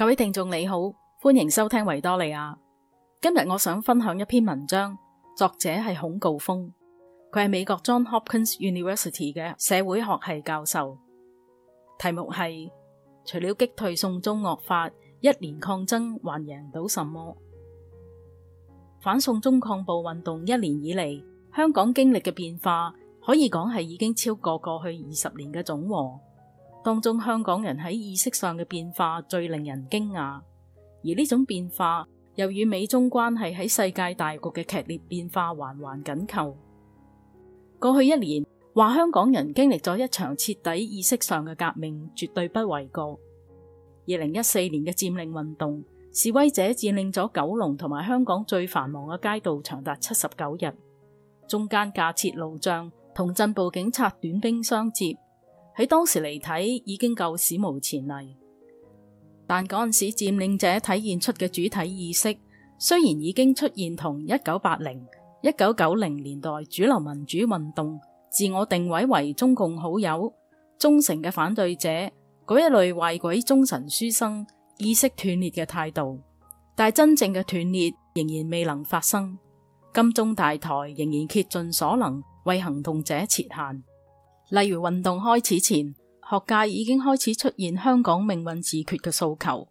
各位聽眾你好，歡迎收聽維多利亞。今日我想分享一篇文章，作者係孔誥烽，佢係美國 John Hopkins University 嘅社會學系教授。題目係除了擊退送中惡法，一年抗爭還贏到什麼？反送中抗暴運動一年以嚟，香港經歷嘅變化，可以講係已經超過過去二十年嘅總和。當中香港人喺意識上嘅變化最令人驚訝，而呢種變化又與美中關係喺世界大局嘅劇烈變化環環緊扣。過去一年，話香港人經歷咗一場徹底意識上嘅革命，絕對不為過。二零一四年嘅佔領運動，示威者佔領咗九龍同埋香港最繁忙嘅街道長達七十九日，中間架設路障，同鎮暴警察短兵相接。喺當時嚟睇，已經夠史無前例。但嗰陣時佔領者體現出嘅主體意識，雖然已經出現同一九八零、一九九零年代主流民主運動自我定位為中共好友、忠誠嘅反對者嗰一類壞鬼忠臣書生意識斷裂嘅態度，但真正嘅斷裂仍然未能發生。金鐘大台仍然竭盡所能為行動者設限。例如運動開始前，學界已經開始出現香港命運自決嘅訴求。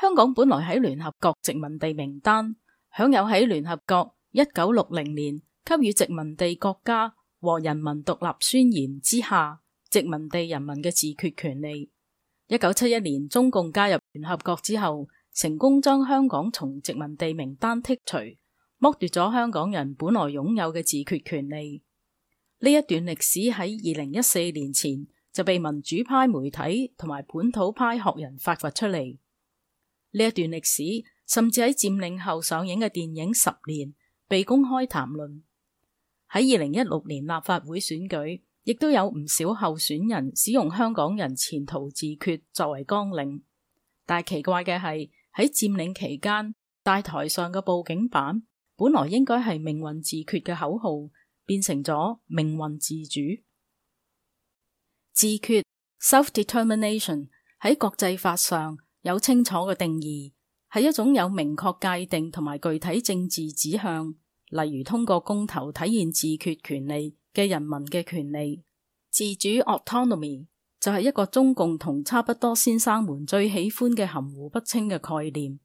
香港本來喺聯合國殖民地名單，享有喺聯合國一九六零年給予殖民地國家和人民獨立宣言之下殖民地人民嘅自決權利。一九七一年中共加入聯合國之後，成功將香港從殖民地名單剔除，剝奪咗香港人本來擁有嘅自決權利。呢一段歷史喺二零一四年前就被民主派媒體同埋本土派學人發掘出嚟。呢一段歷史甚至喺佔領後上映嘅電影《十年》被公開談論。喺二零一六年立法會選舉，亦都有唔少候選人使用香港人前途自決作為綱領。但奇怪嘅係，喺佔領期間，大台上嘅佈景板本來應該係命運自決嘅口號。變成咗命運自主。自決 （self-determination） 喺國際法上有清楚嘅定義，係一種有明確界定同埋具體政治指向，例如通過公投體現自決權利嘅人民嘅權利。自主 （autonomy） 就係一個中共同差不多先生們最喜歡嘅含糊不清嘅概念，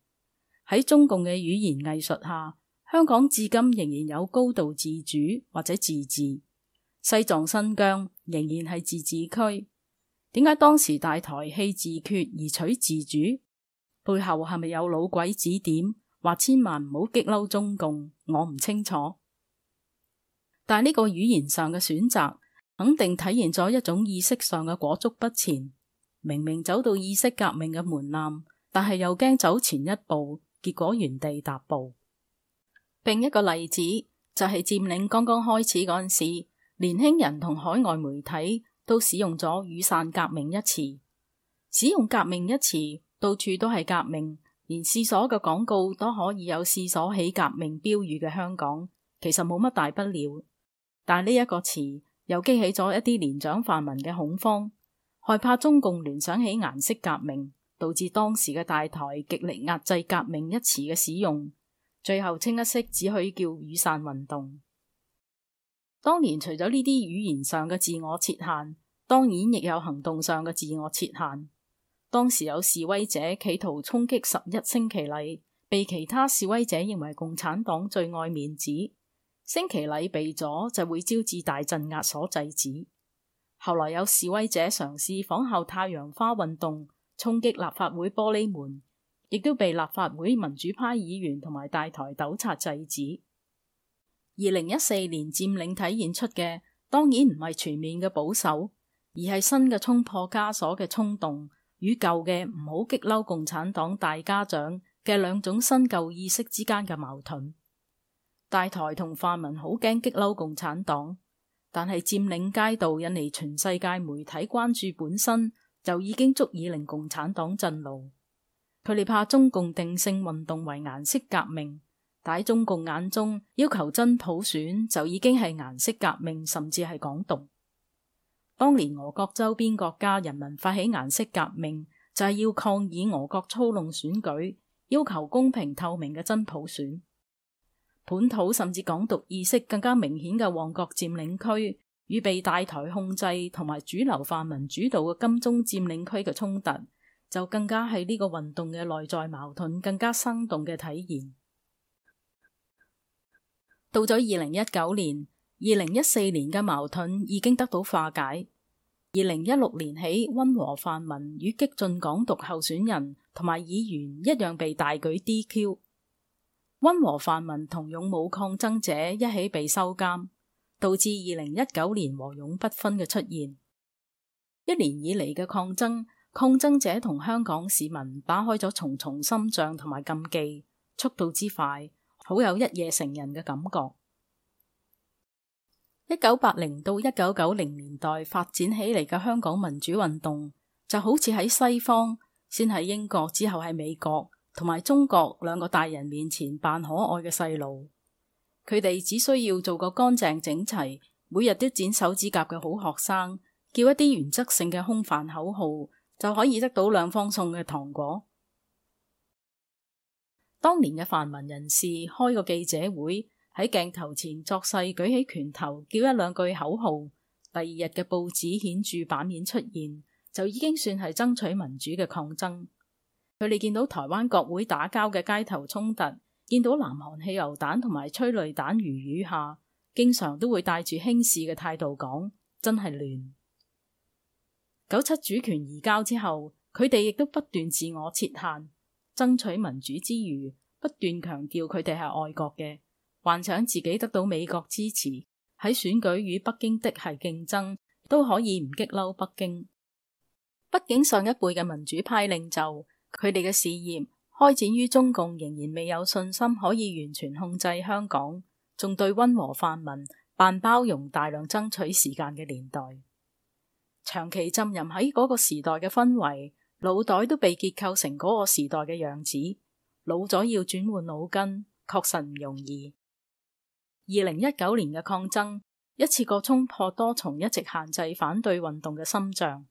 喺中共嘅語言藝術下。香港至今仍然有高度自主或者自治，西藏、新疆仍然係自治區。點解當時大台棄自決而取自主？背後係咪有老鬼指點，話千萬唔好激嬲中共？我唔清楚，但呢個語言上嘅選擇，肯定體現咗一種意識上嘅裹足不前。明明走到意識革命嘅門檻，但係又驚走前一步，結果原地踏步。另一個例子就係佔領剛剛開始嗰陣時，年輕人同海外媒體都使用咗雨傘革命一詞。使用革命一詞，到處都係革命，連廁所嘅廣告都可以有廁所起革命標語嘅香港，其實冇乜大不了。但呢一個詞又激起咗一啲年長泛民嘅恐慌，害怕中共聯想起顏色革命，導致當時嘅大台極力壓制革命一詞嘅使用。最後清一色只可以叫雨傘運動。當年除咗呢啲語言上嘅自我設限，當然亦有行動上嘅自我設限。當時有示威者企圖衝擊十一升旗禮，被其他示威者認為共產黨最愛面子，升旗禮被阻就會招致大鎮壓所制止。後來有示威者嘗試仿效太陽花運動，衝擊立法會玻璃門。亦都被立法會民主派議員同埋大台糾察制止。二零一四年佔領體現出嘅，當然唔係全面嘅保守，而係新嘅衝破枷鎖嘅衝動，與舊嘅唔好激嬲共產黨大家長嘅兩種新舊意識之間嘅矛盾。大台同泛民好驚激嬲共產黨，但係佔領街道引嚟全世界媒體關注，本身就已經足以令共產黨震怒。佢哋怕中共定性運動為顏色革命，但喺中共眼中，要求真普選就已經係顏色革命，甚至係港獨。當年俄國周邊國家人民發起顏色革命，就係、是、要抗議俄國操弄選舉，要求公平透明嘅真普選。本土甚至港獨意識更加明顯嘅旺角占領區，與被大台控制同埋主流泛民主導嘅金鐘占領區嘅衝突就更加係呢個運動嘅內在矛盾更加生動嘅體現。到咗二零一九年，二零一四年嘅矛盾已經得到化解。二零一六年起，温和泛民與激進港獨候選人同埋議員一樣被大舉 DQ，温和泛民同勇武抗爭者一起被收監，導致二零一九年和勇不分嘅出現。一年以嚟嘅抗爭。抗爭者同香港市民打開咗重重心障同埋禁忌，速度之快，好有一夜成人嘅感覺。一九八零到一九九零年代發展起嚟嘅香港民主運動，就好似喺西方，先喺英國之後喺美國同埋中國兩個大人面前扮可愛嘅細路，佢哋只需要做個乾淨整齊、每日都剪手指甲嘅好學生，叫一啲原則性嘅空泛口號。就可以得到兩方送嘅糖果。當年嘅泛民人士開個記者會，喺鏡頭前作勢舉起拳頭，叫一兩句口號，第二日嘅報紙顯著版面出現，就已經算係爭取民主嘅抗爭。佢哋見到台灣國會打交嘅街頭衝突，見到南韓汽油彈同埋催淚彈如雨下，經常都會帶住輕視嘅態度講：真係亂。九七主權移交之後，佢哋亦都不斷自我設限，爭取民主之餘，不斷強調佢哋係愛國嘅，幻想自己得到美國支持，喺選舉與北京的，的係競爭都可以唔激嬲北京。畢竟上一輩嘅民主派領袖，佢哋嘅事業開展於中共仍然未有信心可以完全控制香港，仲對溫和泛民扮包容、大量爭取時間嘅年代。長期浸淫喺嗰個時代嘅氛圍，腦袋都被結構成嗰個時代嘅樣子。老咗要轉換腦筋，確實唔容易。二零一九年嘅抗爭，一次過衝破多重一直限制反對運動嘅心障。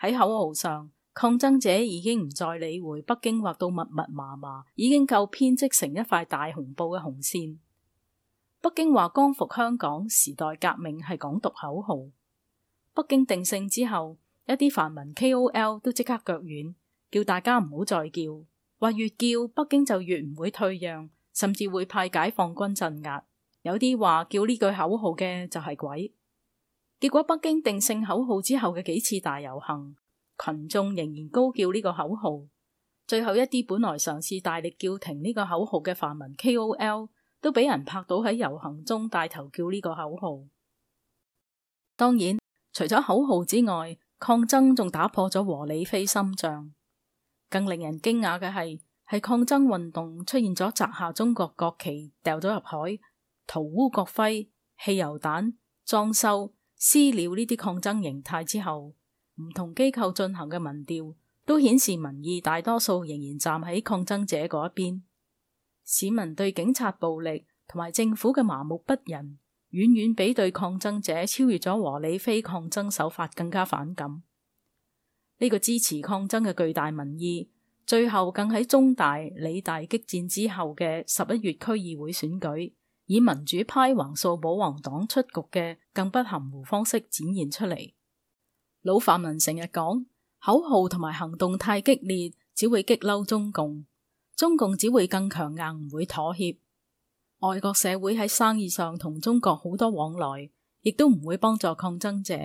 喺口號上，抗爭者已經唔再理會北京畫到密密麻麻、已經夠編織成一塊大紅布嘅紅線。北京話光復香港、時代革命係港獨口號。北京定性之後，一啲泛民 K.O.L 都即刻腳軟，叫大家唔好再叫，話越叫北京就越唔會退讓，甚至會派解放軍鎮壓。有啲話叫呢句口號嘅就係鬼。結果北京定性口號之後嘅幾次大遊行，群眾仍然高叫呢個口號。最後一啲本來嘗試大力叫停呢個口號嘅泛民 K.O.L 都俾人拍到喺遊行中帶頭叫呢個口號。當然。除咗口號之外，抗爭仲打破咗和理非心象。更令人驚訝嘅係，係抗爭運動出現咗摘下中國國旗、掉咗入海、塗污國徽、汽油彈、裝修、私了呢啲抗爭形態之後，唔同機構進行嘅民調都顯示民意大多數仍然站喺抗爭者嗰一邊。市民對警察暴力同埋政府嘅麻木不仁，遠遠比對抗爭者超越咗和理非抗爭手法更加反感。呢、這個支持抗爭嘅巨大民意，最後更喺中大、理大激戰之後嘅十一月區議會選舉，以民主派橫掃保皇黨出局嘅更不含糊方式展現出嚟。老泛民成日講口號同埋行動太激烈，只會激嬲中共，中共只會更強硬，唔會妥協。外國社會喺生意上同中國好多往來，亦都唔會幫助抗爭者。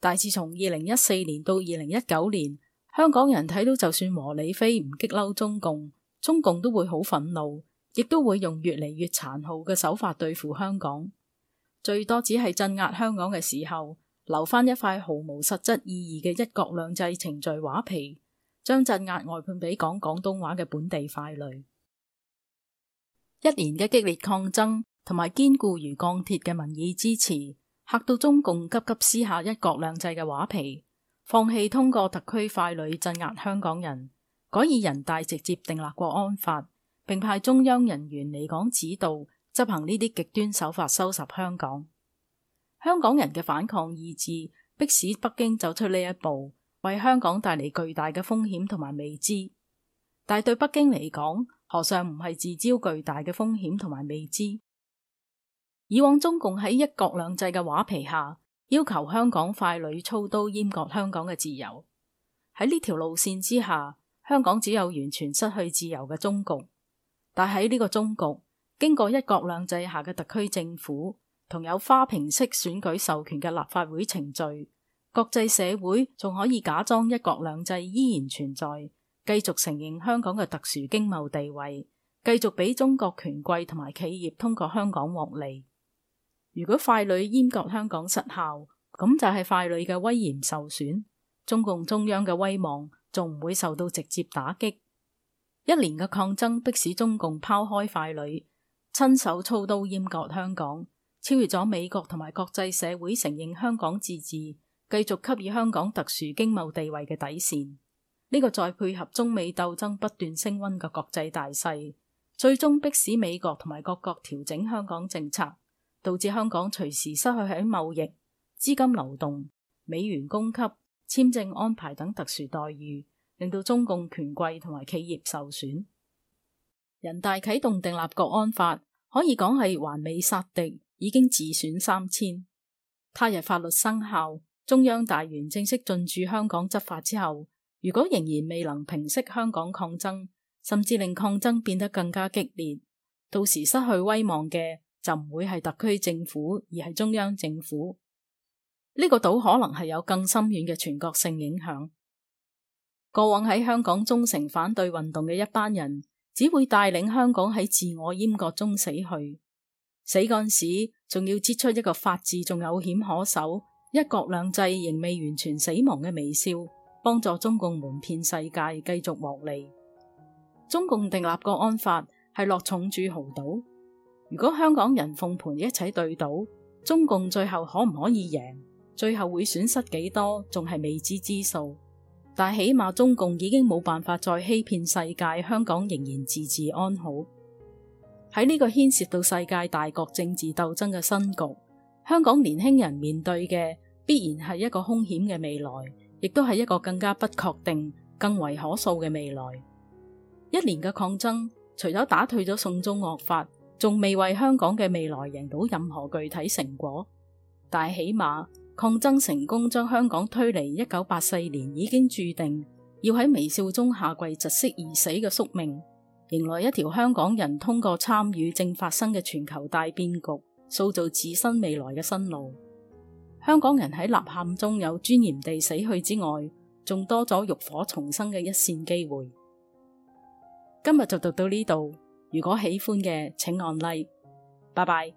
但自從二零一四年到二零一九年，香港人睇到就算和理非唔激嬲中共，中共都會好憤怒，亦都會用越嚟越殘酷嘅手法對付香港。最多只係鎮壓香港嘅時候，留返一塊毫無實質意義嘅一國兩制程序畫皮，將鎮壓外判俾講廣東話嘅本地傀儡。一年嘅激烈抗爭同埋堅固如鋼鐵嘅民意支持，嚇到中共急急撕下一國兩制嘅畫皮，放棄通過特區傀儡鎮壓香港人，改以人大直接訂立國安法，並派中央人員嚟港指導執行呢啲極端手法收拾香港。香港人嘅反抗意志，迫使北京走出呢一步，為香港帶嚟巨大嘅風險同埋未知。但係對北京嚟講，何嘗唔係自招巨大嘅風險同埋未知？以往中共喺一國兩制嘅畫皮下，要求香港傀儡操刀閹割香港嘅自由。喺呢條路線之下，香港只有完全失去自由嘅中共。但喺呢個中共經過一國兩制下嘅特區政府同有花瓶式選舉授權嘅立法會程序，國際社會仲可以假裝一國兩制依然存在。繼續承認香港嘅特殊經貿地位，繼續俾中國權貴同埋企業通過香港獲利。如果傀儡閹割香港失效，咁就係傀儡嘅威嚴受損，中共中央嘅威望仲唔會受到直接打擊。一年嘅抗爭迫使中共拋開傀儡，親手操刀閹割香港，超越咗美國同埋國際社會承認香港自治，繼續給予香港特殊經貿地位嘅底線。呢個再配合中美鬥爭不斷升溫嘅國際大勢，最終迫使美國同埋各國調整香港政策，導致香港隨時失去喺貿易、資金流動、美元供給、簽證安排等特殊待遇，令到中共權貴同埋企業受損。人大啟動訂立國安法，可以講係還未殺敵，已經自損三千。他日法律生效，中央大員正式進駐香港執法之後，如果仍然未能平息香港抗爭，甚至令抗爭變得更加激烈，到時失去威望嘅就唔會係特區政府，而係中央政府。呢、這個島可能係有更深遠嘅全國性影響。過往喺香港忠誠反對運動嘅一班人，只會帶領香港喺自我閹割中死去，死嗰陣時仲要擠出一個法治仲有險可守、一國兩制仍未完全死亡嘅微笑。幫助中共蒙騙世界，繼續獲利。中共訂立國安法係落重注豪賭。如果香港人奉盤一齊對賭，中共最後可唔可以贏？最後會損失幾多？仲係未知之數。但起碼中共已經冇辦法再欺騙世界，香港仍然自治安好。喺呢個牽涉到世界大國政治鬥爭嘅新局，香港年輕人面對嘅必然係一個凶險嘅未來。亦都係一個更加不確定、更為可塑嘅未來。一年嘅抗爭，除咗打退咗送中惡法，仲未為香港嘅未來贏到任何具體成果，但係起碼抗爭成功，將香港推離一九八四年已經注定要喺微笑中下跪窒息而死嘅宿命，迎來一條香港人通過參與正發生嘅全球大變局，塑造自身未來嘅新路。香港人喺吶喊中有尊嚴地死去之外，仲多咗浴火重生嘅一線機會。今日就讀到到呢度，如果喜歡嘅，請按例 like。拜拜。